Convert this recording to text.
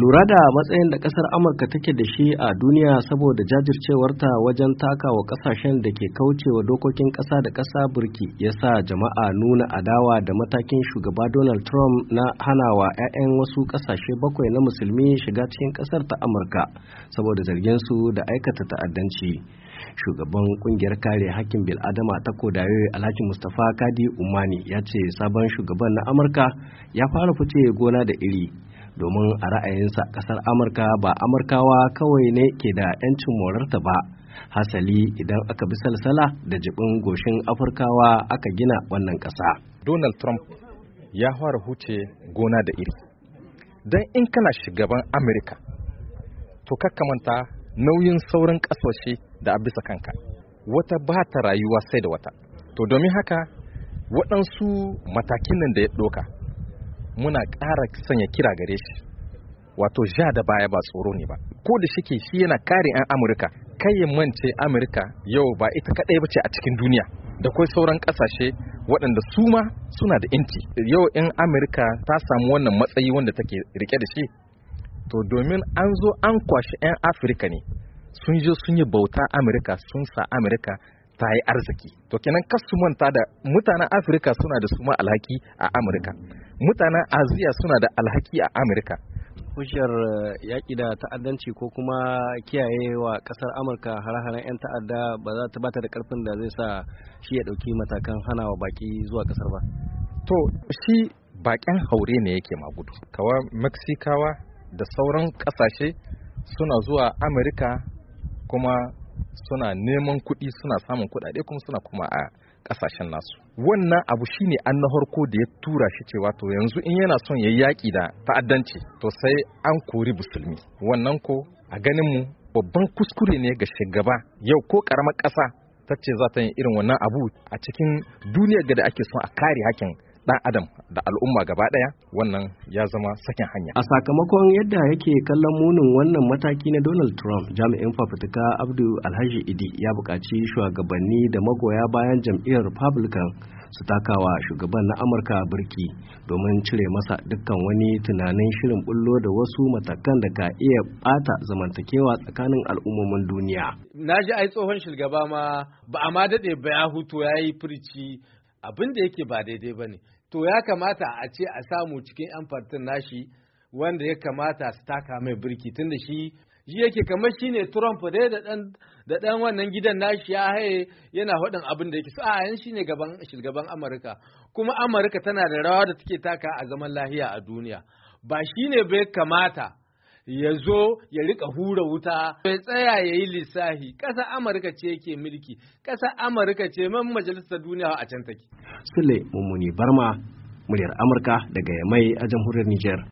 lura da matsayin da kasar amurka take da shi a duniya saboda jajircewarta wajen takawa kasashen da ke kaucewa dokokin kasa da kasa burki ya sa jama'a nuna adawa da matakin shugaba donald trump na hanawa 'ya'yan wasu kasashe bakwai na musulmi shiga cikin kasar ta amurka saboda zarginsu da aikata ta'addanci shugaban kungiyar kare hakkin bil'adama ta kodayo alhaji mustapha kadi umani ya ce sabon shugaban na amurka ya fara fice gona da iri domin a ra'ayinsa kasar amurka ba amurkawa kawai ne ke da 'yancin morarta ba hasali idan aka bi salsala da jibin goshin afirkawa aka gina wannan ƙasa. donald trump ya fara huce gona da iri don in kana shugaban amurka to manta nauyin sauran ƙasashe da a bisa kanka wata ba ta rayuwa sai da wata to domin haka waɗansu matakin nan da ya ɗoka muna ƙara sanya kira gare shi wato ja da baya ba tsoro ne ba ko da ke shi yana kare 'yan amurka kai ya mance amurka yau ba ita kaɗai bace a cikin duniya da kwai sauran ƙasashe waɗanda su ma suna da inci yau in amurka ta samu wannan matsayi wanda take rike da shi to domin an zo an kwashi 'yan afirka ne sun je sun yi bauta amurka sun sa amurka ta yi arziki to kenan kasu manta da mutanen afirka suna da suma alhaki a amurka mutanen aziya suna da alhaki a amurka hujjar eh, yaƙi da ta'addanci ko kuma kiyaye wa ƙasar amurka hare-haren 'yan ta'adda ba za ta bata da ƙarfin da zai sa shi ya ɗauki matakan hana wa baƙi zuwa ƙasar ba to shi baƙin haure ne yake magudu kawa mexicawa da sauran ƙasashe suna zuwa amurka kuma suna neman kuɗi suna samun kuɗaɗe kuma suna kuma a kasashen nasu wannan abu shine an na harko da ya tura shi cewa to yanzu in yana son ya yaƙi da ta'addanci to sai an kori musulmi wannan ko a ganin mu babban kuskure ne ga shugaba yau ko karamar ƙasa ta ce za ta yi irin wannan abu a cikin duniyar da ake son a kare hakin ɗan adam da al'umma gaba ɗaya wannan ya zama sakin hanya. A sakamakon yadda yake kallon munin wannan mataki na Donald Trump jami'in fafutuka Abdul Alhaji Idi ya buƙaci shugabanni da magoya bayan jam'iyyar Republican su takawa shugaban na Amurka birki domin cire masa dukkan wani tunanin shirin bullo da wasu matakan da ka iya bata zamantakewa tsakanin al'ummomin duniya. Na ji ai tsohon shugaba ma ba a ma daɗe ba ya hutu ya yi firici abin da yake ba daidai ba ne to ya kamata a ce a samu cikin 'yan fartin nashi wanda ya kamata su taka mai birki Tun da shi shi yake kamar shi ne Trump dai da ɗan wannan gidan nashi ya haye yana faɗin abin da yake so a shi ne gaban shugaban Amurka kuma Amurka tana da rawa da take taka a zaman lahiya a duniya ba shi ne bai kamata ya zo ya rika hura wuta bai tsaya ya yi lissahi ƙasa amurka ce ke mulki ƙasa amurka ce man majalisar duniya a can take sule mummuni barma muryar amurka daga yamai a jamhuriyar niger